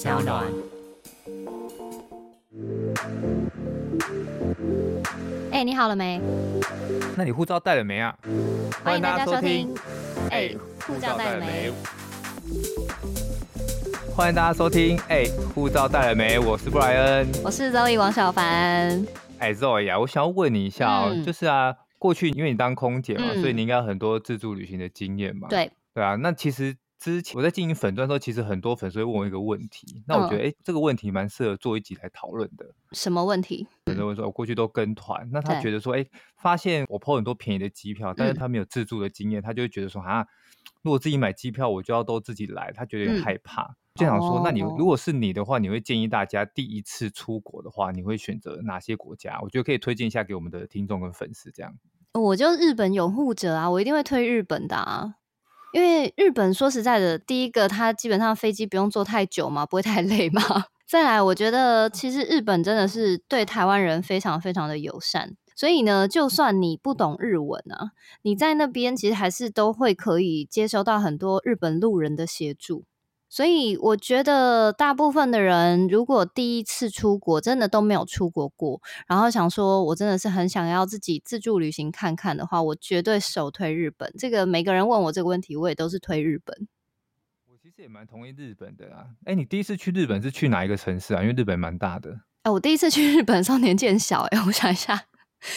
小暖，哎、欸，你好了沒？那你護照帶了沒啊？歡迎大家收聽，哎，護照帶了沒？歡迎大家收聽，哎、欸，護照帶了沒？我是布萊恩，我是 Zoe 王小凡。哎、欸，Zoe 啊，我想要問你一下哦，嗯，就是啊，過去因為你當空姐嘛，嗯，所以你應該有很多自助旅行的經驗嘛，對，對啊，那其實。之前我在經營粉專的時候，其實很多粉絲會問我一個問題。那我覺得，哎、呃欸，這個問題蠻適合做一集來討論的。什麼問題？粉絲問說，我過去都跟團，那他覺得說，哎、欸，發現我 PO 很多便宜的機票，但是他沒有自助的經驗、嗯，他就會覺得說，啊，如果自己買機票，我就要都自己來，他覺得有點害怕、嗯。就想說，那你哦哦如果是你的話，你會建議大家第一次出國的話，你會選擇哪些國家？我覺得可以推薦一下給我們的聽眾跟粉絲。這樣，我就日本擁護者啊，我一定會推日本的啊。因為日本說實在的，第一個它基本上飛機不用坐太久嘛，不會太累嘛。再來，我覺得其實日本真的是對台灣人非常非常的友善，所以呢，就算你不懂日文啊，你在那邊其實還是都會可以接收到很多日本路人的協助。所以我覺得，大部分的人如果第一次出國，真的都沒有出國過，然後想說，我真的是很想要自己自助旅行看看的話，我絕對首推日本。這個每個人問我這個問題，我也都是推日本。我其實也蠻同意日本的啊。哎，你第一次去日本是去哪一個城市啊？因為日本蠻大的。哎，我第一次去日本的時候年紀很小、欸。哎，我想一下。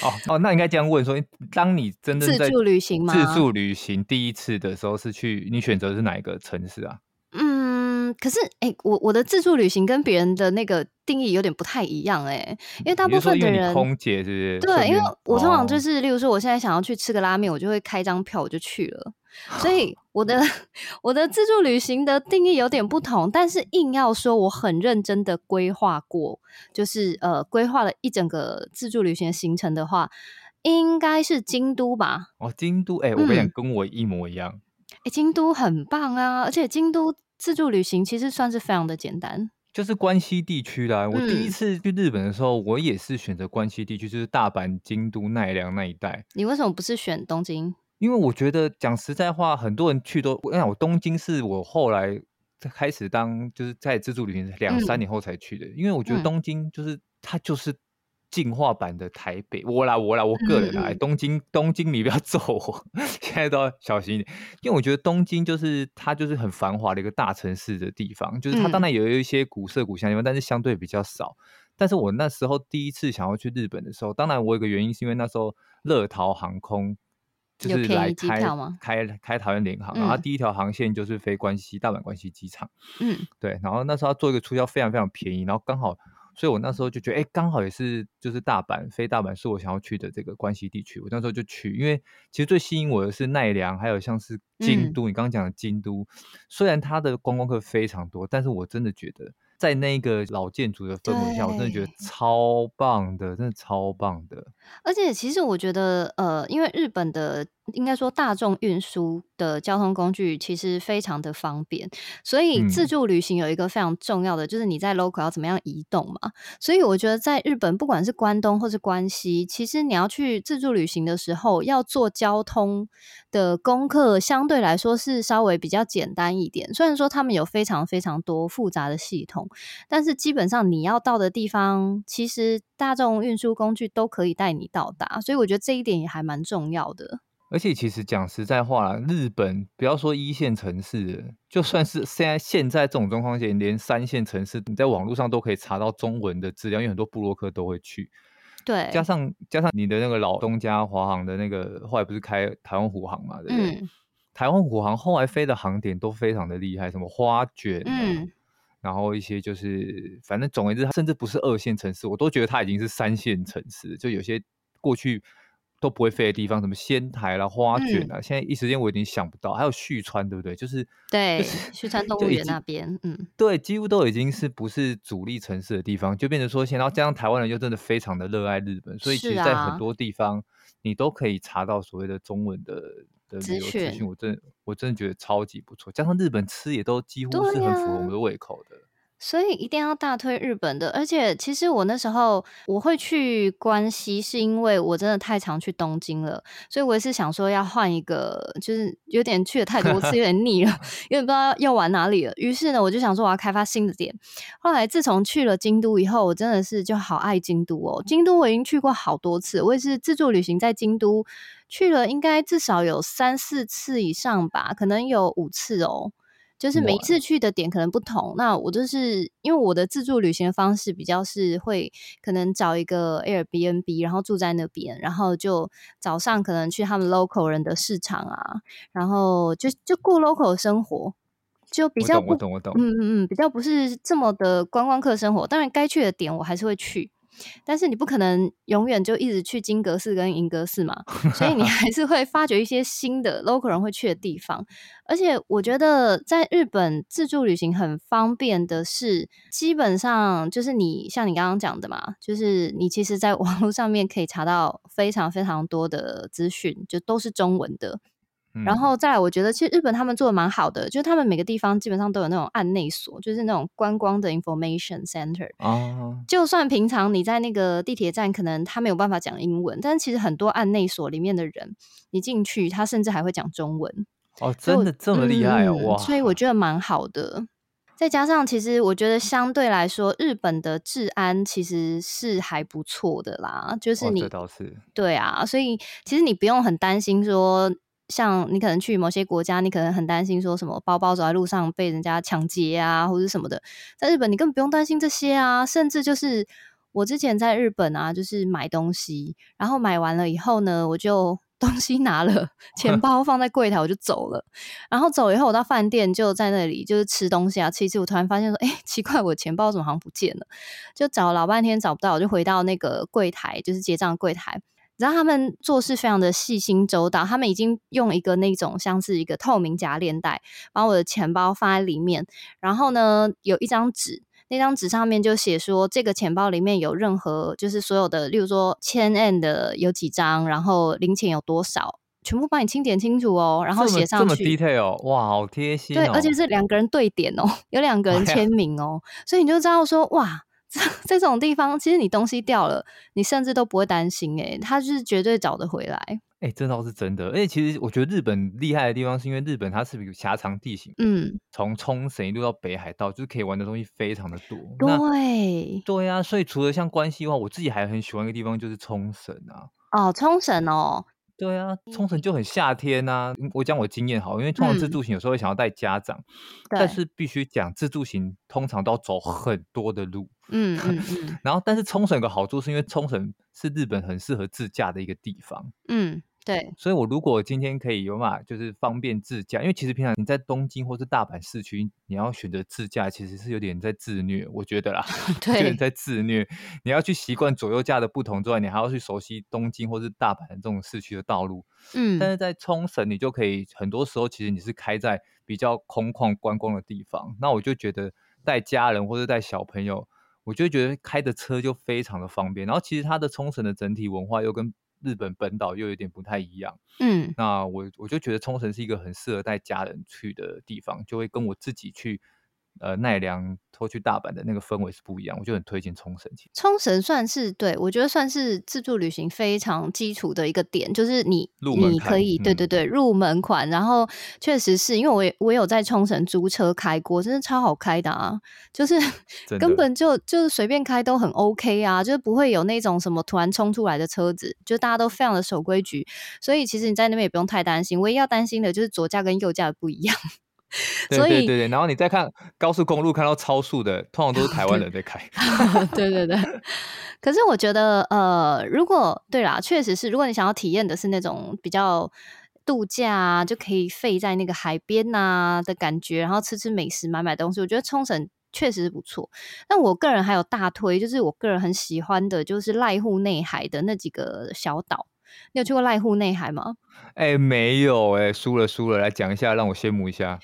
哦哦，那你應該這樣問說：當你真的自助旅行嗎，自助旅行第一次的時候是去你選擇的是哪一個城市啊？可是，哎、欸，我我的自助旅行跟別人的那個定義有點不太一樣、欸，哎，因為大部分的人空姐是不是對因，因為我通常就是，哦、例如說，我現在想要去吃個拉麵，我就會開張票，我就去了。所以，我的 我的自助旅行的定義有點不同。但是，硬要說我很認真的規劃過，就是呃，規劃了一整個自助旅行的行程的話，應該是京都吧？哦，京都，哎、欸，我跟你講、嗯、跟我一模一樣。哎、欸，京都很棒啊，而且京都。自助旅行其實算是非常的簡單，就是關西地區啦，我第一次去日本的時候、嗯，我也是選擇關西地區，就是大阪、京都、奈良那一帶。你為什麼不是選東京？因為我覺得講實在話，很多人去都……哎呀，我東京是我後來開始當就是在自助旅行兩三年後才去的、嗯，因為我覺得東京就是它就是。進化版的台北，我來我來，我個人來、欸嗯，東京，東京你不要揍我，現在都要小心一點，因為我覺得東京就是它就是很繁華的一個大城市的地方，就是它當然有一些古色古香因為但是相對比較少。但是我那時候第一次想要去日本的時候，當然我有個原因是因為那時候樂桃航空就是來開開開桃園廉航，嗯、然後第一條航線就是飛關西大阪關西機場。嗯，對，然後那時候要做一個促銷非常非常便宜，然後剛好。所以我那時候就覺得，哎、欸，剛好也是就是大阪非大阪是我想要去的這個關西地區，我那時候就去，因為其實最吸引我的是奈良，還有像是京都，嗯、你剛剛講的京都，雖然它的觀光客非常多，但是我真的覺得在那個老建築的氛圍下，我真的覺得超棒的，真的超棒的。而且其實我覺得，呃，因為日本的。應該說，大眾運輸的交通工具其實非常的方便，所以自助旅行有一個非常重要的，就是你在 local 要怎麼樣移動嘛。所以我覺得，在日本，不管是關東或是關西，其實你要去自助旅行的時候，要做交通的功課，相對來說是稍微比較簡單一點。雖然說他們有非常非常多複雜的系統，但是基本上你要到的地方，其實大眾運輸工具都可以帶你到達。所以我覺得這一點也還蠻重要的。而且其實講實在話，日本不要說一線城市，就算是現在現在這種狀況下，連三線城市你在網絡上都可以查到中文的資料，因為很多部落客都會去。對，加上加上你的那個老東家華航的那個後來不是開台灣虎航嘛對不對？嗯，台灣虎航後來飛的航點都非常的厲害，什麼花卷、啊嗯，然後一些就是反正總而言之，甚至不是二線城市，我都覺得它已經是三線城市，就有些過去。都不會飛的地方，什麼仙台啦、花卷啦，嗯、現在一時間我已經想不到。還有旭川，對不對？就是對、就是、旭川動物園那邊，嗯，對，幾乎都已經是不是主力城市的地方，就變成說，現在加上台灣人就真的非常的熱愛日本，所以其實在很多地方，啊、你都可以查到所謂的中文的旅遊資訊。我真，我真的覺得超級不錯。加上日本吃也都幾乎是很符合我們的胃口的。所以一定要大推日本的，而且其實我那時候我會去關西，是因為我真的太常去東京了，所以我也是想說要換一個，就是有點去了太多次，有點膩了， 有點不知道要玩哪裡了。於是呢，我就想說我要開發新的點。後來自從去了京都以後，我真的是就好愛京都哦。京都我已經去過好多次，我也是自助旅行在京都，去了應該至少有三四次以上吧，可能有五次哦。就是每一次去的點可能不同，那我就是因為我的自助旅行的方式比較是會可能找一個 Airbnb，然後住在那邊，然後就早上可能去他們 local 人的市場啊，然後就就過 local 生活，就比較我懂，我懂，我懂，嗯嗯嗯，比較不是這麼的觀光客生活，當然該去的點我還是會去。但是你不可能永遠就一直去金閣寺跟銀閣寺嘛，所以你還是會發掘一些新的 local 人會去的地方。而且我覺得在日本自助旅行很方便的是，基本上就是你像你剛剛講的嘛，就是你其實在網絡上面可以查到非常非常多的資訊，就都是中文的。然後再來，我覺得其實日本他們做的蠻好的、嗯，就是他們每個地方基本上都有那種案內所，就是那種觀光的 information center。啊、就算平常你在那個地鐵站，可能他沒有辦法講英文，但是其實很多案內所裡面的人，你進去他甚至還會講中文。哦，真的這麼厲害哦、嗯！哇，所以我覺得蠻好的。再加上，其實我覺得相對來說，日本的治安其實是還不錯的啦。就是你、哦、倒是對啊，所以其實你不用很擔心說。像你可能去某些國家，你可能很擔心說什麼包包走在路上被人家搶劫啊，或者什麼的。在日本，你根本不用擔心這些啊。甚至就是我之前在日本啊，就是買東西，然後買完了以後呢，我就東西拿了，錢包放在櫃檯，我就走了。啊、然後走以後，我到飯店就在那裡就是吃東西啊。吃一次我突然發現說，哎、欸，奇怪，我錢包怎麼好像不見了？就找了老半天找不到，我就回到那個櫃檯，就是結賬櫃檯。你知道他們做事非常的細心周到，他們已經用一個那種像是一個透明夾鏈袋，把我的錢包放在裡面。然後呢，有一張紙，那張紙上面就寫說，這個錢包裡面有任何就是所有的，例如說千円的有幾張，然後零錢有多少，全部幫你清點清楚哦。然後寫上去這麼 detail 哦，哇，好貼心喔。對，而且是兩個人對點哦，有兩個人簽名哦 哎，所以你就知道說，哇。 這種地方，其實你東西掉了，你甚至都不會擔心誒、欸、它就是絕對找得回來。誒、欸、這倒是真的。而且其實我覺得日本厲害的地方，是因為日本它是有狹長地形，嗯，從沖繩一路到北海道，就是可以玩的東西非常的多。對，對呀、啊。所以除了像關西的話，我自己還很喜歡一個地方，就是沖繩啊。哦，沖繩哦。對啊，沖繩就很夏天啊。我講我的經驗好，因為沖繩自助行有時候會想要帶家長，嗯、但是必須講自助行通常都要走很多的路。嗯，嗯嗯 然後但是沖繩有個好處，是因為沖繩是日本很適合自駕的一個地方。嗯。對，所以我如果今天可以有嘛，就是方便自駕，因為其實平常你在東京或是大阪市區，你要選擇自駕，其實是有點在自虐，我覺得啦，有點在自虐。你要去習慣左右駕的不同之外，你還要去熟悉東京或是大阪這種市區的道路。嗯，但是在沖繩，你就可以很多時候其實你是開在比較空曠觀光的地方，那我就覺得帶家人或者帶小朋友，我就覺得開的車就非常的方便。然後其實它的沖繩的整體文化又跟。日本本島又有點不太一樣，嗯，那我我就覺得沖繩是一個很適合帶家人去的地方，就會跟我自己去，呃，奈良拖去大阪的那個氛圍是不一樣，我就很推薦沖繩去。沖繩算是對我覺得算是自助旅行非常基礎的一個點，就是你你可以對對對、嗯、入門款。然後確實是因為我也我有在沖繩租車開過，真的超好開的啊！就是、嗯、根本就就是隨便開都很 OK 啊，就是不會有那種什麼突然衝出來的車子，就大家都非常的守規矩，所以其實你在那邊也不用太擔心。唯一要擔心的就是左駕跟右駕不一樣。對對對對，然後你再看高速公路，看到超速的，通常都是台灣人在開 。對對對，對， 可是我覺得，呃，如果對啦，確實是，如果你想要體驗的是那種比較度假、啊，就可以廢在那個海邊啊的感覺，然後吃吃美食，買買東西，我覺得沖繩確實是不錯。但我個人還有大推，就是我個人很喜歡的，就是瀨戶內海的那幾個小島。你有去過瀨戶內海嗎？誒、欸、沒有誒、欸、輸了輸了，來講一下，讓我羨慕一下。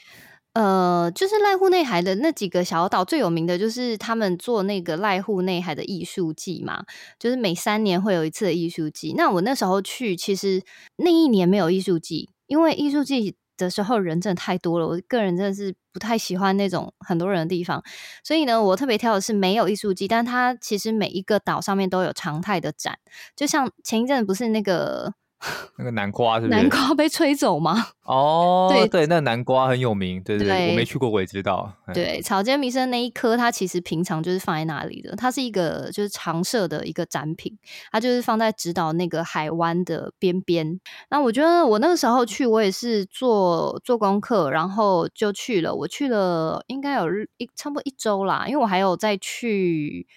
呃，就是瀨戶內海的那幾個小島最有名的就是他們做那個瀨戶內海的藝術祭嘛，就是每三年會有一次的藝術祭。那我那時候去，其實那一年沒有藝術祭，因為藝術祭。的時候人真的太多了，我個人真的是不太喜歡那種很多人的地方，所以呢，我特別挑的是沒有藝術季，但它其實每一個島上面都有常態的展，就像前一陣不是那個。 那個南瓜是不是南瓜被吹走嗎？哦、oh, 對，對那那個，南瓜很有名，對對，對，對，我沒去過我也知道。對、嗯、草間彌生那一顆，它其實平常就是放在那裡的，它是一個就是常設的一個展品，它就是放在直島那個海灣的邊邊。那我覺得我那個時候去，我也是做做功課，然後就去了。我去了應該有一差不多一週啦，因為我還有再去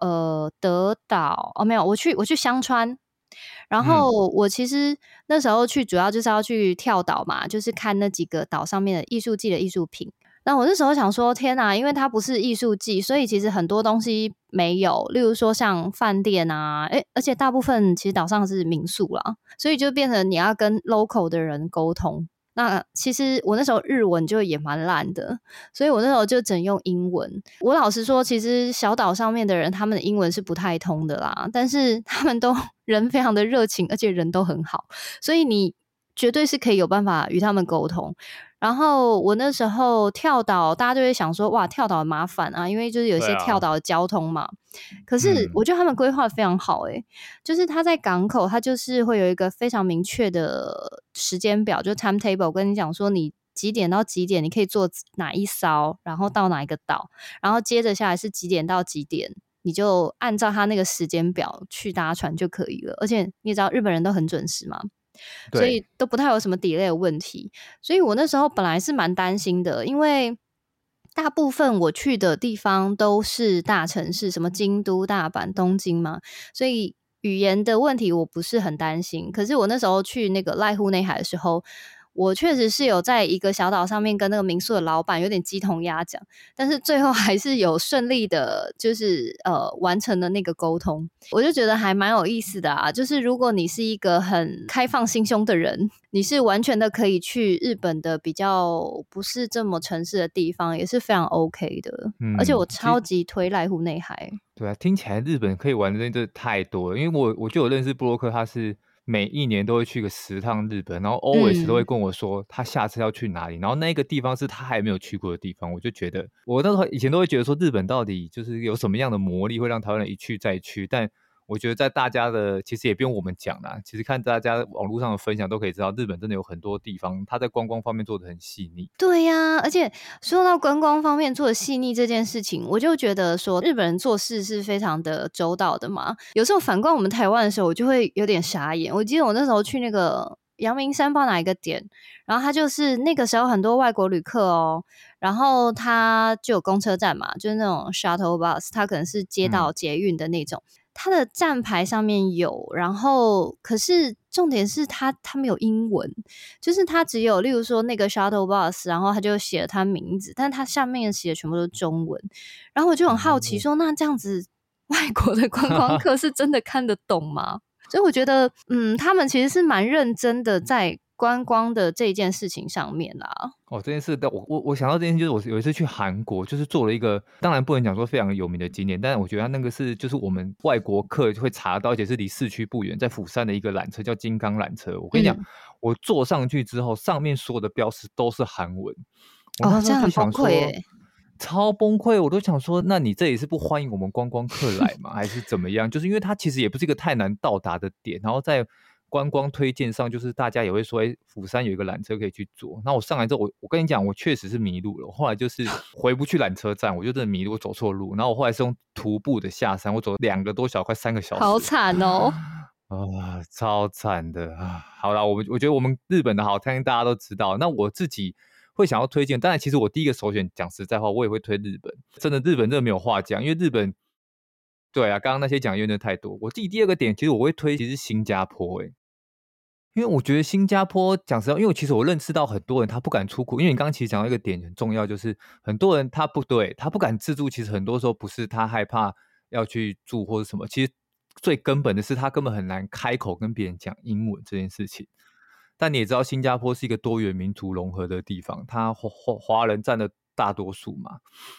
呃德島哦沒有，我去我去香川。然後我其實那時候去，主要就是要去跳島嘛，就是看那幾個島上面的藝術季的藝術品。那我那時候想說，天吶、啊、因為它不是藝術季，所以其實很多東西沒有，例如說像飯店啊，誒、欸、而且大部分其實島上是民宿啦，所以就變成你要跟 local 的人溝通。那、啊、其實我那時候日文就也蠻爛的，所以我那時候就整用英文。我老實說，其實小島上面的人他們的英文是不太通的啦，但是他們都人非常的熱情，而且人都很好，所以你絕對是可以有辦法與他們溝通。然後我那時候跳島，大家就會想說，哇，跳島麻煩啊，因為就是有些跳島的交通嘛。可是我覺得他們規劃非常好誒、欸，就是他在港口，他就是會有一個非常明確的時間表，就 timetable，跟你講說你幾點到幾點你可以坐哪一艘，然後到哪一個島，然後接着下來是幾點到幾點，你就按照他那個時間表去搭船就可以了。而且你也知道日本人都很準時嘛，所以都不太有什麼 delay 的問題。所以我那時候本來是蠻擔心的，因為。大部分我去的地方都是大城市，什麼京都、大阪、東京嘛，所以語言的問題我不是很擔心，可是我那時候去那個瀨戶內海的時候。我確實是有在一個小島上面跟那個民宿的老板有點雞同鴨講，但是最後還是有順利的，就是呃完成的那個溝通，我就覺得還蠻有意思的啊。就是如果你是一個很開放心胸的人，你是完全的可以去日本的比較不是這麼城市的地方，也是非常 OK 的。嗯，而且我超級推瀨戶內海。對啊，聽起來日本可以玩的真的太多了。因為我我就有認識布洛克，他是。每一年都會去個十趟日本，然後 always 都會跟我說他下次要去哪裡，嗯，然後那個地方是他還沒有去過的地方，我就覺得我那時候以前都會覺得說日本到底就是有什麼樣的魔力會讓台灣人一去再去，但。我覺得在大家的其實也不用我們講啦，其實看大家網絡上的分享都可以知道，日本真的有很多地方，他在觀光方面做的很細膩。對呀、啊，而且說到觀光方面做的細膩這件事情，我就覺得說日本人做事是非常的周到的嘛。有時候反觀我們台灣的時候，我就會有點傻眼。我記得我那時候去那個陽明山放哪一個點，然後他就是那個時候很多外國旅客哦，然後他就有公車站嘛，就是那種 shuttle bus，他可能是街道捷運的那種。嗯。它的站牌上面有，然後可是重點是它它沒有英文，就是它只有例如說那個 Shuttle Bus，然後他就寫了他名字，但是他下面寫的全部都是中文，然後我就很好奇說，那這樣子外國的觀光客是真的看得懂嗎？ 所以我覺得，嗯，他們其實是蠻認真的在。觀光的這件事情上面啦、啊，哦，這件事，但我我我想到這件事，就是我有一次去韓國，就是做了一個，當然不能講說非常有名的景點，但我覺得它那個是就是我們外國客就會查到，而且是離市區不遠，在釜山的一個纜車叫金剛纜車。我跟你講、嗯，我坐上去之後，上面所有的標識都是韓文，哦，這樣子，崩潰、欸、超崩潰，我都想說，那你這裡是不歡迎我們觀光客來嗎？ 還是怎麼樣？就是因為它其實也不是一個太難到達的點，然後在。觀光推薦上，就是大家也會說，哎，釜山有一個纜車可以去坐。那我上來之後，我我跟你講，我確實是迷路了。我後來就是回不去纜車站， 我就真的迷路，我走錯路。然後我後來是用徒步的下山，我走了兩個多小，快三個小時。好慘哦！啊，超慘的啊！好啦，我們我覺得我們日本的好，相信大家都知道。那我自己會想要推薦，當然其實我第一個首選，講實在話，我也會推日本。真的，日本真的沒有話講，因為日本，對啊，剛剛那些講的真的太多。我自己第二個點，其實我會推，其實新加坡、欸，因為我覺得新加坡，講實話，因為其實我認識到很多人他不敢出國，因為你剛剛其實講到一個點很重要，就是很多人他不對，他不敢自助。其實很多時候不是他害怕要去住或者什麼，其實最根本的是他根本很難開口跟別人講英文這件事情。但你也知道，新加坡是一個多元民族融合的地方，他華華人占了大多數嘛，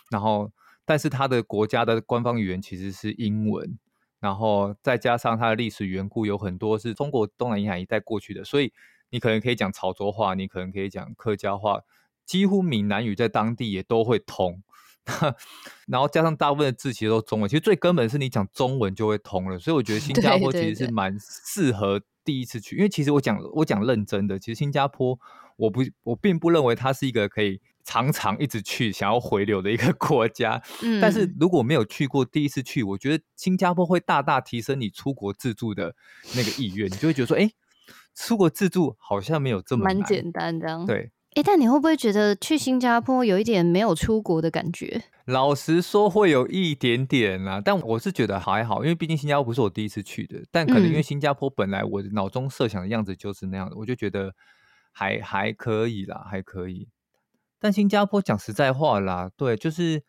然後但是他的國家的官方語言其實是英文。然後再加上它的歷史緣故，有很多是中國東南沿海一帶過去的，所以你可能可以講潮州話，你可能可以講客家話，幾乎閩南語在當地也都會通。哈，然後加上大部分的字其實都中文，其實最根本是你講中文就會通了。所以我覺得新加坡其實是蠻適合第一次去，對對對，因為其實我講我講認真的，其實新加坡我不我並不認為它是一個可以。常常一直去想要回流的一個國家，嗯，但是如果沒有去過，第一次去，我覺得新加坡會大大提升你出國自助的那個意願，你就會覺得說，哎，出國自助好像沒有這麼難，蠻簡單這樣，對，哎，但你會不會覺得去新加坡有一點沒有出國的感覺？老實說，會有一點點啦、啊，但我是覺得還好，因為畢竟新加坡不是我第一次去的，但可能因為新加坡本來我腦中設想的樣子就是那樣的，嗯、我就覺得還還可以啦，還可以。但新加坡講實在話啦，對，就是，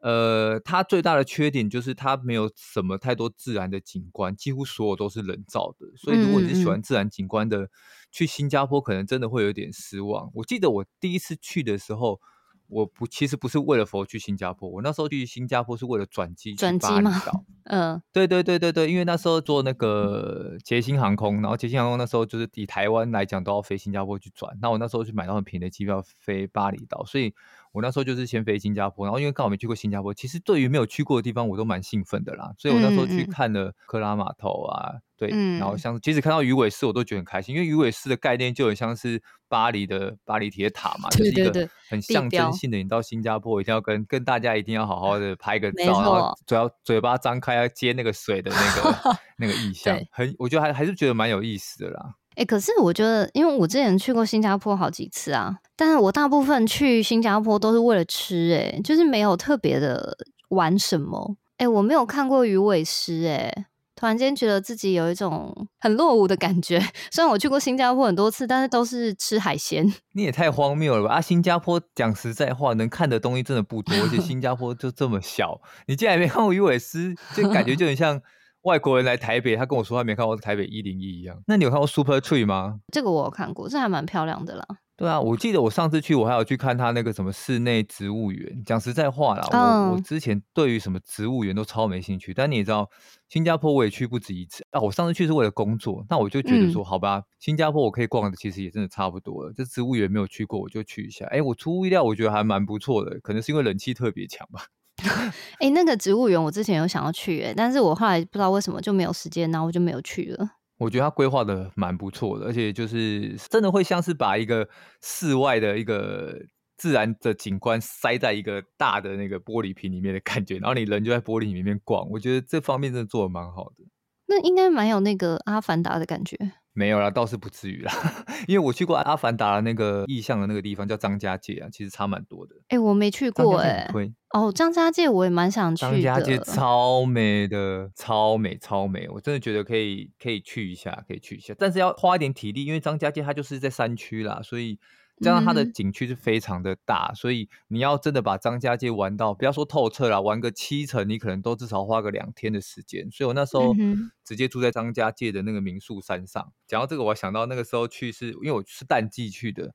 呃，它最大的缺點就是它沒有什麼太多自然的景觀，幾乎所有都是人造的。所以如果你是喜歡自然景觀的，嗯嗯嗯，去新加坡可能真的會有點失望。我記得我第一次去的時候，我不其實不是為了佛去新加坡，我那時候去新加坡是為了轉機去巴厘島，轉機嗎？嗯、呃，對對對對對，因為那時候坐那個捷星航空，嗯，然後捷星航空那時候就是以台灣來講都要飛新加坡去轉，那我那時候去買到很便宜的機票飛巴厘島，所以。我那時候就是先飛新加坡，然後因為剛好沒去過新加坡，其實對於沒有去過的地方，我都蠻興奮的啦。所以我那時候去看了克拉碼頭啊，嗯，對，然後像其實看到魚尾獅，我都覺得很開心，因為魚尾獅的概念就很像是巴黎的巴黎鐵塔嘛，就是一個很象徵性的。你到新加坡一定要跟跟大家一定要好好的拍一個照，嗯，然後嘴要嘴巴張開要接那個水的那個 那個意象，很我覺得還還是覺得蠻有意思的啦。哎、欸，可是我覺得，因為我之前去過新加坡好幾次啊，但是我大部分去新加坡都是為了吃、欸，哎，就是沒有特別的玩什麼。哎、欸，我沒有看過魚尾獅，哎，突然間覺得自己有一種很落伍的感覺。雖然我去過新加坡很多次，但是都是吃海鮮。你也太荒謬了吧！啊，新加坡講實在話，能看的東西真的不多，而且新加坡就這麼小， 你竟然沒看過魚尾獅，就感覺就很像。外國人來台北，他跟我說他沒看過台北一零一一樣。那你有看過 Super Tree 嗎？這個我有看過，這還蠻漂亮的啦。對啊，我記得我上次去，我還有去看他那個什麼室內植物園。講實在話啦，我、嗯、我之前對於什麼植物園都超沒興趣。但你也知道，新加坡我也去不止一次。那、啊、我上次去是為了工作，那我就覺得說好吧、嗯，新加坡我可以逛的，其實也真的差不多了。這植物園沒有去過，我就去一下。哎、欸，我出乎意料，我覺得還蠻不錯的，可能是因為冷氣特別強吧。哎、 欸，那個植物園我之前有想要去，欸，但是我後來不知道為什麼就沒有時間，然後我就沒有去了。我覺得它規劃的蠻不錯的，而且就是真的會像是把一個室外的一個自然的景觀塞在一個大的那個玻璃瓶裡面的感覺，然後你人就在玻璃裡面逛，我覺得這方面真的做的蠻好的。那應該蠻有那個阿凡達的感覺，沒有啦，倒是不至於啦， 因為我去過阿凡達的那個意象的那個地方叫張家界啊，其實差蠻多的。哎、欸，我沒去過哎、欸，哦，張家界我也蠻想去。張家界超美的，超美，超美，我真的覺得可以可以去一下，可以去一下，但是要花一點體力，因為張家界它就是在山區啦，所以。加上它的景區是非常的大，嗯，所以你要真的把張家界玩到，不要說透徹了，玩個七成，你可能都至少花個兩天的時間。所以我那時候直接住在張家界的那個民宿山上。講、嗯、到這個，我想到那個時候去是，因為我是淡季去的。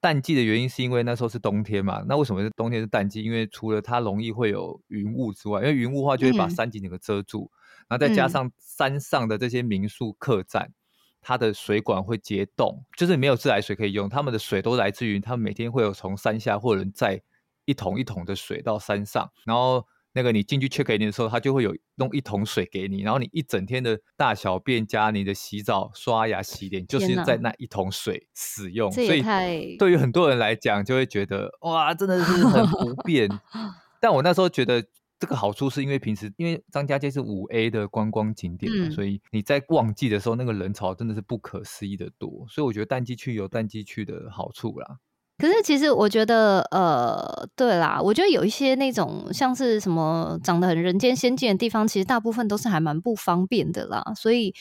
淡季的原因是因為那時候是冬天嘛，那為什麼是冬天是淡季？因為除了它容易會有雲霧之外，因為雲霧的話就會把山景給遮住，嗯，然後再加上山上的這些民宿客棧。嗯嗯它的水管會結凍，就是沒有自來水可以用。它們的水都來自於它們每天會有從山下或者在一桶一桶的水到山上，然後那個你進去 check in 的時候，它就會有弄一桶水給你，然後你一整天的大小便加你的洗澡、刷牙、洗臉，就是在那一桶水使用。所以對於很多人來講，就會覺得哇，真的是很不便。 但我那時候覺得。這個好處是因為平時，因為張家界是五 A 的觀光景點，嗯，所以你在旺季的時候，那個人潮真的是不可思議的多。所以我覺得淡季去有淡季去的好處啦。可是其實我覺得，呃，對啦，我覺得有一些那種像是什麼長得很人間仙境的地方，其實大部分都是還蠻不方便的啦。所以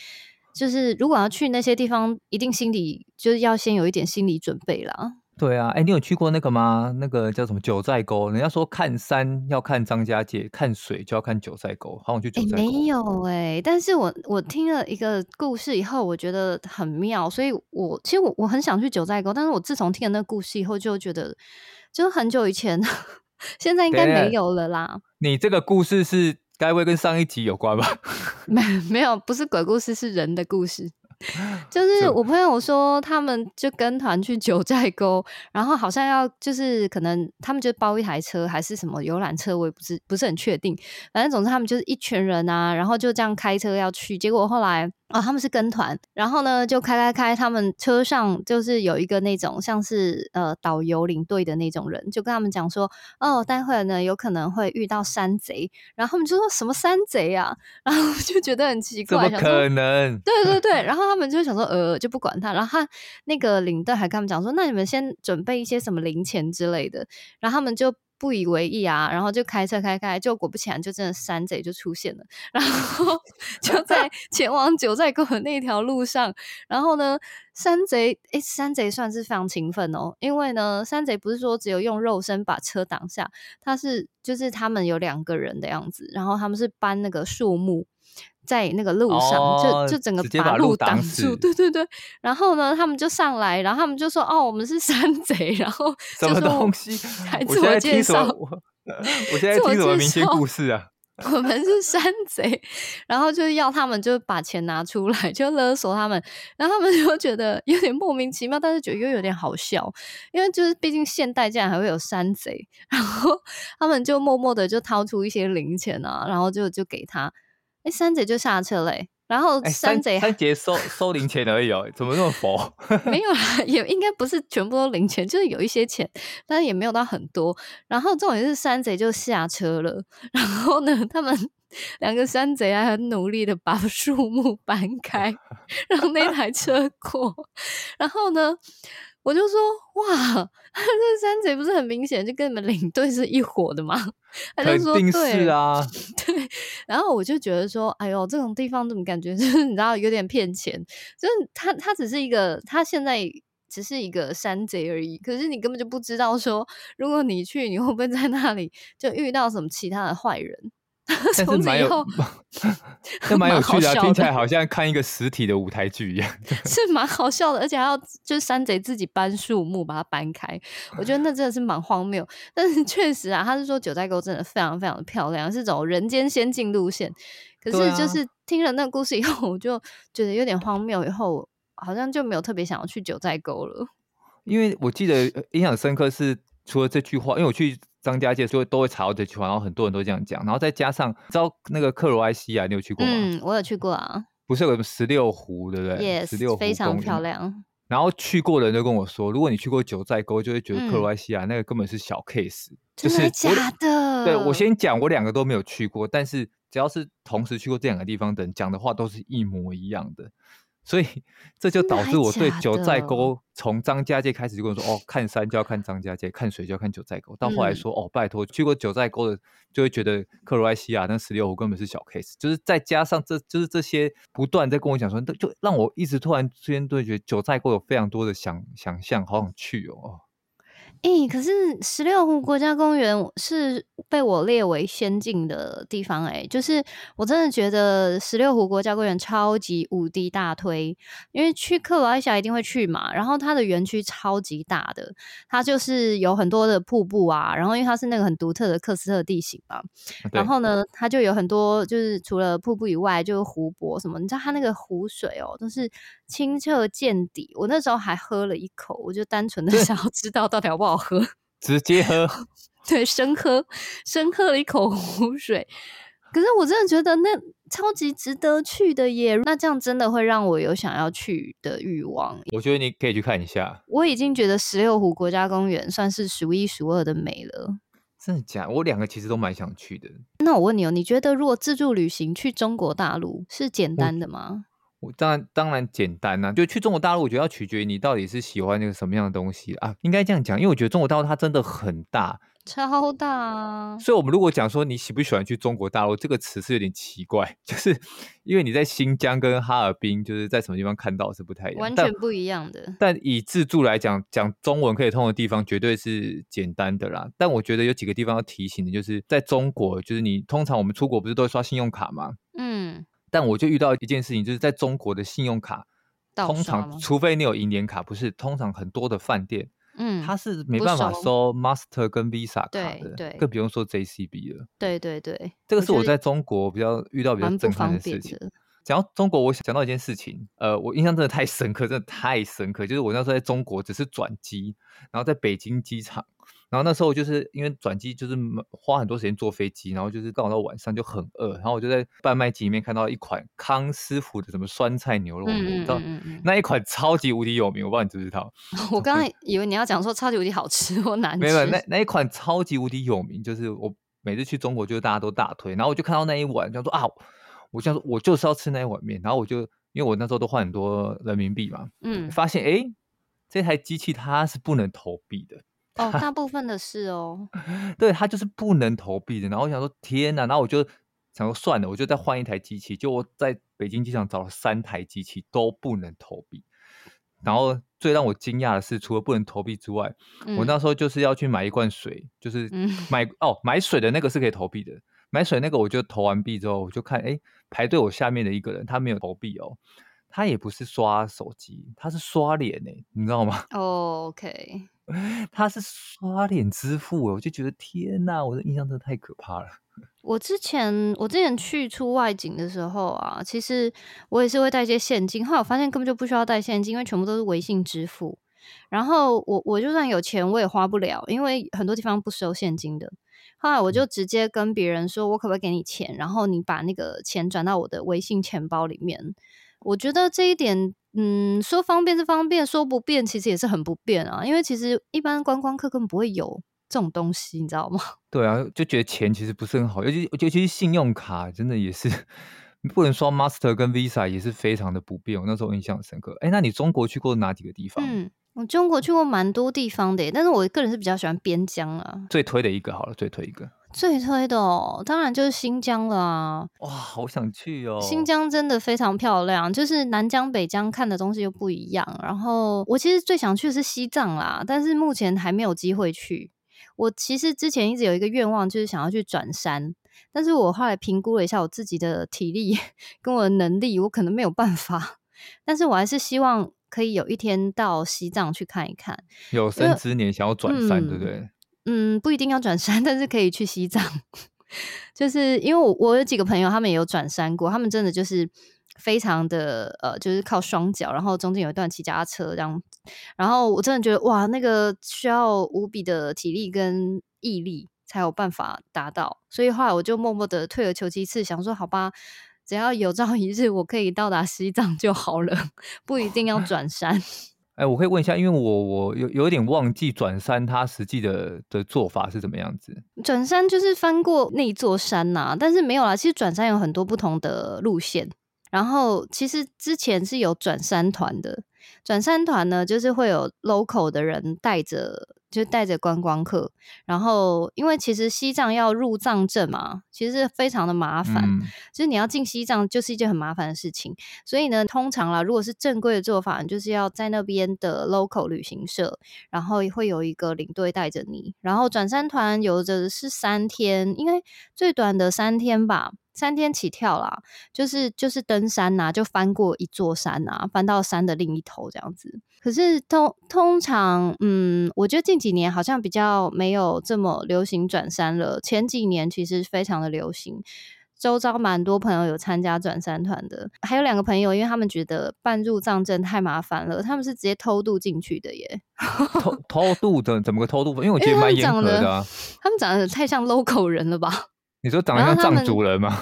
就是如果要去那些地方，一定心裡就是要先有一點心理準備啦。對啊，哎、欸，你有去過那個嗎？那個叫什麼九寨溝？人家說，看山要看張家界，看水就要看九寨溝。好，我去九寨、欸、沒有哎、欸，但是我我聽了一個故事以後，我覺得很妙，所以我其實我我很想去九寨溝，但是我自從聽了那個故事以後，就覺得就很久以前，現在應該沒有了啦。你這個故事是該不會跟上一集有關吧？沒 沒有，不是鬼故事，是人的故事。 就是我朋友說，他們就跟團去九寨溝，然後好像要就是可能他們就包一台車還是什麼遊覽車，我也不是不是很確定。反正總之他們就是一群人啊，然後就這樣開車要去，結果後來。哦，他們是跟團，然後呢就開開開，他們車上就是有一個那種像是呃導遊領隊的那種人，就跟他們講說，哦，待會兒呢有可能會遇到山賊，然後他們就說什麼山賊啊，然後就覺得很奇怪，怎麼可能？對，對對對， 然後他們就想說，呃，就不管他，然後他那個領隊還跟他們講說，那你們先準備一些什麼零錢之類的，然後他們就。不以為意啊，然後就開車開開，就果不其然就真的山賊就出現了，然 後就在前往九寨溝那條路上，然後呢，山賊誒山賊算是非常勤奮哦，因為呢，山賊不是說只有用肉身把車擋下，他是就是他們有兩個人的樣子，然後他們是搬那個樹木。在那個路上，oh, 就就整個把路擋住，對對對。然後呢，他們就上來，然後他們就說：“哦，我們是山賊。”然後就什麼東西？還自我介紹？我現在聽什麼民間故事啊？我們是山賊，然後就是要他們就把錢拿出來，就勒索他們。然後他們就覺得有點莫名其妙，但是覺得又有點好笑，因為就是畢竟現代竟然還會有山賊。然後他們就默默的就掏出一些零錢啊，然後就就給他。欸、山賊就下車嘞，然後山賊山賊收收零錢而已哦，怎麼那麼佛？沒有啦，也應該不是全部都零錢，就是有一些錢，但是也沒有到很多。然後重點是山賊就下車了，然後呢，他們兩個山賊還很努力的把樹木搬開，讓那台車過。 然後呢？我就說，哇，這山賊不是很明顯就跟你們領隊是一夥的嗎？他就說，對，肯定是啊， 對。然後我就覺得說，哎呦，這種地方怎麼感覺就是，你知道，有點騙錢？就是他，他只是一個，他現在只是一個山賊而已。可是你根本就不知道，說如果你去，你會不會在那裡就遇到什麼其他的壞人？ 從此以後但是蠻有，蠻 有趣的、啊，聽起來好像看一個實體的舞台劇一樣。是蠻好笑的，而且還要就是山賊自己搬樹木，把它搬開。 我覺得那真的是蠻荒謬。但是確實啊，他是說九寨溝真的非常非常的漂亮，是走人間仙境路線。可是就是聽了那個故事以後，我就覺得有點荒謬，以後好像就沒有特別想要去九寨溝了。因為我記得印象深刻是除了這句話，因為我去。張家界所以都會查到這句話，然後很多人都這樣講，然後再加上知道那個克羅埃西亞，你有去過嗎？嗯，我有去過啊，不是有什麼十六湖，對不對？十六、yes, 湖非常漂亮。然後去過的人就跟我說，如果你去過九寨溝，就會覺得克羅埃西亞那個根本是小 case。嗯、就是，真的假的？對，我先講，我兩個都沒有去過，但是只要是同時去過這兩個地方的人，講的話都是一模一樣的。所以這就導致我對九寨溝，從張家界開始就跟我說哦，看山就要看張家界，看水就要看九寨溝。到後來說哦，拜託，去過九寨溝的就會覺得克羅埃西亞那十六湖根本是小 case。就是再加上這就是這些不斷在跟我講說，就讓我一直突然之間都覺得九寨溝有非常多的想想象，好想去哦。誒、欸、可是十六湖國家公園是被我列為先進的地方誒、欸，就是我真的覺得十六湖國家公園超級無敵大推，因為去克羅埃西亞一定會去嘛，然後它的園區超級大的，它就是有很多的瀑布啊，然後因為它是那個很獨特的喀斯特地形嘛，然後呢，它就有很多就是除了瀑布以外，就是湖泊什麼，你知道它那個湖水哦都是。清澈見底，我那時候還喝了一口，我就單純的想要知道到底好不好喝，直接喝， 對，生喝，生喝了一口湖水，可是我真的覺得那超級值得去的耶，那這樣真的會讓我有想要去的慾望。我覺得你可以去看一下，我已經覺得十六湖國家公園算是數一數二的美了，真的假的？我兩個其實都蠻想去的。那我問你哦，你覺得如果自助旅行去中國大陸是簡單的嗎？我當然當然簡單吶、啊，就去中國大陸，我覺得要取決於你到底是喜歡那個什麼樣的東西啊。啊應該這樣講，因為我覺得中國大陸它真的很大，超大啊。所以我們如果講說你喜不喜歡去中國大陸這個詞是有點奇怪，就是因為你在新疆跟哈爾濱就是在什麼地方看到是不太一樣，完全不一樣的。但，但以自助來講，講中文可以通的地方絕對是簡單的啦。但我覺得有幾個地方要提醒的，就是在中國，就是你通常我們出國不是都會刷信用卡嗎？嗯。但我就遇到一件事情，就是在中國的信用卡，啊、通常，除非你有銀聯卡，不是通常很多的飯店，嗯，它是沒辦法收 Master 跟 Visa 卡的。對，對，更不用說 JCB 了。對對對，這個是我在中國比較遇到比較震撼的事情。講到中國，我想到一件事情，呃，我印象真的太深刻，真的太深刻，就是我那時候在中國只是轉機，然後在北京機場。然後那時候我就是因為轉機，就是花很多時間坐飛機，然後就是剛好到晚上就很餓，然後我就在販賣機裡面看到一款康師傅的什麼酸菜牛肉麵，你、嗯、知道、嗯、那一款超級無敵有名，我不知道你知不知道。我剛剛以為你要講說超級無敵好吃哪，我難吃，沒有那那一款超級無敵有名，就是我每次去中國就大家都大推，然後我就看到那一碗，就說啊，我就想說我就是要吃那一碗麵，然後我就因為我那時候都換很多人民幣嘛，嗯，發現哎，這台機器它是不能投幣的。哦，大部分的是哦。他，對，他就是不能投幣的，然後我想說天啊，然後我就想說算了，我就再換一台機器。就我在北京機場找了三台機器都不能投幣，嗯，然後最讓我驚訝的是，除了不能投幣之外，嗯、我那時候就是要去買一罐水，就是買、嗯、哦買水的那個是可以投幣的。嗯、買水那個，我就投完幣之後，我就看哎排隊我下面的一個人，他沒有投幣哦，他也不是刷手機，他是刷臉哎，你知道嗎？哦，OK。他是刷臉支付，我就覺得天吶，我的印象真的太可怕了。我之前我之前去出外景的時候啊，其實我也是會帶一些現金，後來我發現根本就不需要帶現金，因為全部都是微信支付。然後我我就算有錢我也花不了，因為很多地方不收現金的。後來我就直接跟別人說，我可不可以給你錢，然後你把那個錢轉到我的微信錢包裡面。我覺得這一點。嗯，說方便是方便，說不便其實也是很不便啊。因為其實一般觀光客根本不會有這種東西，你知道嗎？對啊，就覺得錢其實不是很好，尤其尤其是信用卡真的也是不能刷 Master 跟 Visa，也是非常的不便。我那時候印象很深刻。哎、欸，那你中國去過哪幾個地方？嗯，我中國去過蠻多地方的，但是我個人是比較喜歡邊疆啊。最推的一個好了，最推一個。最推的哦，當然就是新疆了啊！哇，好想去哦！新疆真的非常漂亮，就是南疆北疆看的東西又不一樣。然後我其實最想去的是西藏啦，但是目前還沒有機會去。我其實之前一直有一個願望，就是想要去轉山，但是我後來評估了一下我自己的體力 跟我的能力，我可能沒有辦法。但是我還是希望可以有一天到西藏去看一看。有生之年想要轉山，嗯，對不對？嗯，不一定要轉山，但是可以去西藏。 就是因為我我有幾個朋友，他們也有轉山過，他們真的就是非常的呃，就是靠雙腳，然後中間有一段騎腳踏車這樣。然後我真的覺得哇，那個需要無比的體力跟毅力才有辦法達到。所以後來我就默默的退而求其次，想說好吧，只要有朝一日我可以到達西藏就好了，不一定要轉山。哦嗯。哎，我可以問一下，因為我我有有點忘記轉山，它實際的的做法是怎麼樣子？轉山就是翻過那座山吶？但是沒有啦，其實轉山有很多不同的路線。然後其實之前是有轉山團的，轉山團呢就是會有 local 的人帶着，就帶着觀光客。然後因為其實西藏要入藏證嘛，其實非常的麻煩、嗯，就是你要進西藏就是一件很麻煩的事情。所以呢，通常啦，如果是正規的做法，就是要在那邊的 local 旅行社，然後會有一個領隊帶着你。然後轉山團有的是三天，應該最短的三天吧。三天起跳啦，就是就是登山吶、啊，就翻過一座山啊，翻到山的另一頭這樣子。可是通通常，嗯，我覺得近幾年好像比較沒有這麼流行轉山了。前幾年其實非常的流行，周遭蠻多朋友有參加轉山團的。還有兩個朋友，因為他們覺得辦入藏證太麻煩了，他們是直接偷渡進去的耶。偷 偷渡的怎麼個偷渡？因為我覺得蠻嚴格的、啊他，他們長得太像 local 人了吧。你說長得像藏族人嗎？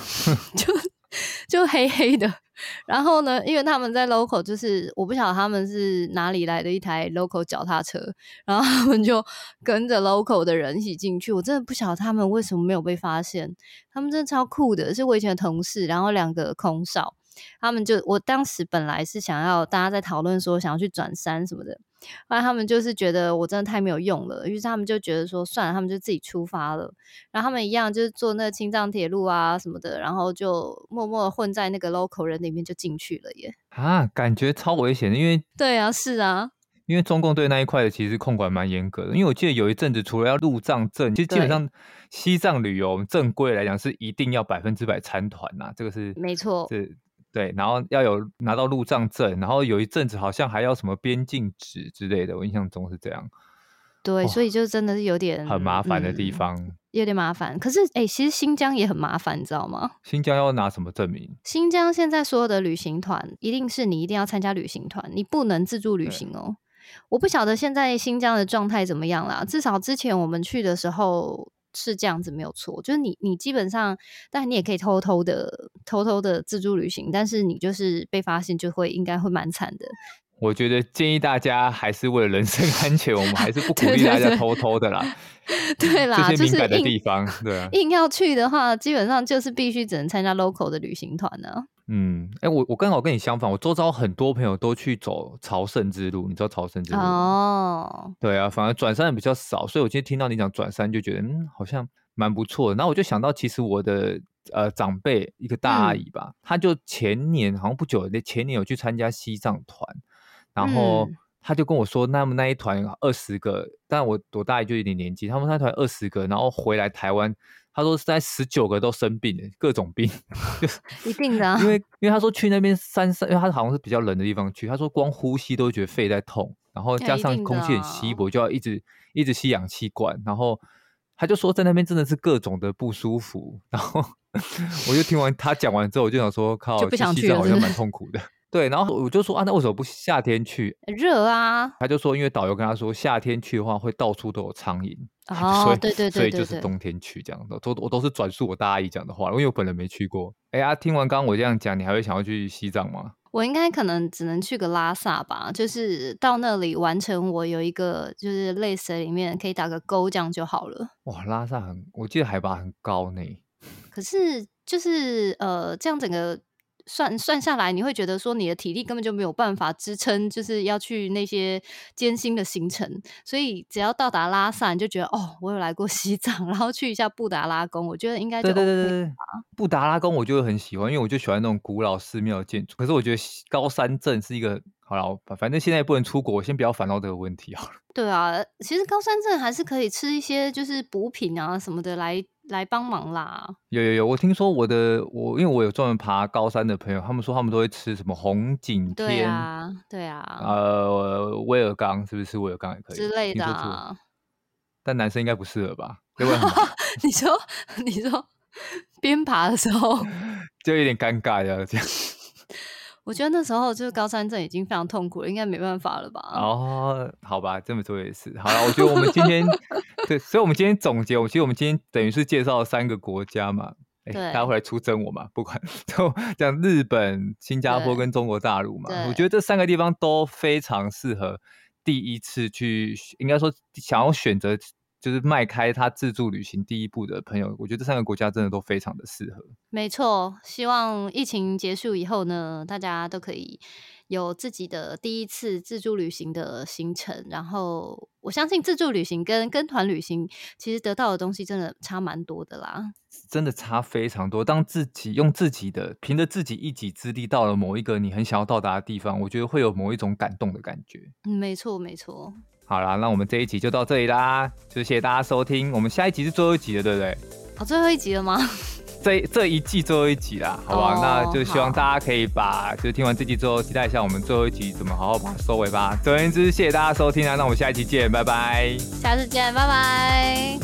就就黑黑的， 然後呢，因為他們在 local，就是我不曉得他們是哪裡來的一台 local 腳踏車，然後他們就跟着 local 的人一起進去。我真的不曉得他們為什麼沒有被發現，他們真的超酷的，是我以前的同事，然後兩個空少，他們就我當時本來是想要大家在討論說想要去轉山什麼的。後來他們就是覺得我真的太沒有用了，於是他們就覺得說算了，他們就自己出發了。然後他們一樣就是坐那個青藏鐵路啊什麼的，然後就默默混在那個 local 人裡面就進去了耶。啊，感覺超危險的，因為，對啊，是啊，因為中共對那一塊其實控管蠻嚴格的。因為我記得有一陣子，除了要入藏證，就基本上西藏旅遊正規來講是一定要百分之百參團啊，這個是沒錯。對，然後要有拿到入藏證，然後有一陣子好像還要什麼邊境紙之類的，我印象中是這樣。對，哦、所以就真的是有點很麻煩的地方，嗯，有點麻煩。可是哎、欸，其實新疆也很麻煩，你知道嗎？新疆要拿什麼證明？新疆現在所有的旅行團一定是你一定要參加旅行團，你不能自助旅行哦。我不曉得現在新疆的狀態怎麼樣啦，至少之前我們去的時候，是這樣子沒有錯，就是你你基本上，但你也可以偷偷的偷偷的自助旅行，但是你就是被發現就會應該會蠻慘的。我覺得建議大家還是為了人身安全，我們還是不鼓勵大家偷偷的啦。 對、對、對、的對啦，就是，敏感的地方，對啊，硬要去的話，基本上就是必須只能參加 local 的旅行團呢、啊。嗯，哎、欸，我我剛好跟你相反，我周遭很多朋友都去走朝聖之路，你知道朝聖之路哦，oh. 對啊，反而轉山的比較少，所以我今天聽到你講轉山，就覺得嗯，好像蠻不錯的。然後我就想到，其實我的呃長輩一個大阿姨吧，她、嗯、就前年好像不久，那前年有去參加西藏團，然後她就跟我說那，那麼那一團二十個，但我我大姨就有點年紀，他們那團二十個，然後回來台灣。他說是在十九個都生病了，各種病，就是、一定的，因為因為他說去那邊山上，因為他好像是比較冷的地方去。他說光呼吸都覺得肺在痛，然後加上空氣很稀薄，就要一直一直吸氧氣管，然後他就說在那邊真的是各種的不舒服。然後我就聽完他講完之後，我就想說 靠，去西藏好像蠻痛苦的。 對，然後我就說啊，那為什麼不夏天去？熱啊！他就說，因為導遊跟他說，夏天去的話會到處都有蒼蠅啊，哦、 對，對，對，對，對對對，所以就是冬天去這樣。都都，我都是轉述我大阿姨講的話，因為我本人沒去過。哎呀、啊，聽完剛剛我這樣講，你還會想要去西藏嗎？我應該可能只能去個拉薩吧，就是到那裡完成我有一個就是 list 裡面可以打個勾這樣就好了。哇，拉薩很，我記得海拔很高呢。 可是就是呃，這樣整個。算算下來，你會覺得說你的體力根本就沒有辦法支撐，就是要去那些艱辛的行程。所以只要到達拉薩，你就覺得哦，我有來過西藏，然後去一下布達拉宮，我覺得應該、OK、對對對，布達拉宮我就很喜歡，因為我就喜歡那種古老寺廟建築。可是我覺得高山症是一個，好了，反反正現在不能出國，我先不要煩惱這個問題啊。對啊，其實高山症還是可以吃一些就是補品啊什麼的來來幫忙啦！有有有，我聽說我的我，因為我有專門爬高山的朋友，他們說他們都會吃什麼紅景天啊，對啊，呃，威而鋼是不是威而鋼也可以之類的？但男生應該不適合吧？對 吧 你說你說邊爬的時候就有點尷尬，呀這樣。這樣我覺得那時候就是高山症已經非常痛苦了，應該沒辦法了吧？哦，好吧，這麼說也是。好了，我覺得我們今天， 對，所以我們今天總結，我覺得我們今天等於是介紹了三個國家嘛，誒對，大家會來出征我嘛，不管就像日本、新加坡跟中國大陸嘛，我覺得這三個地方都非常適合第一次去，應該說想要選擇。就是邁開他自助旅行第一步的朋友，我覺得這三個國家真的都非常的適合。沒錯，希望疫情結束以後呢，大家都可以有自己的第一次自助旅行的行程。然後我相信自助旅行跟跟團旅行其實得到的東西真的差蠻多的啦，真的差非常多。當自己用自己的，憑着自己一己之力到了某一個你很想要到達的地方，我覺得會有某一種感動的感覺。嗯，沒錯，沒錯。好啦，那我們這一集就到這裡啦，就是謝謝大家收聽。我們下一集是最後一集了，對不對？哦，最後一集了嗎？這一這一季最後一集啦，好吧，哦、那就希望大家可以把，就是聽完這集之後，期待一下我們最後一集怎麼好好把它收尾吧。總而言之，謝謝大家收聽啊，那我們下一集見，拜拜。下次見，拜拜。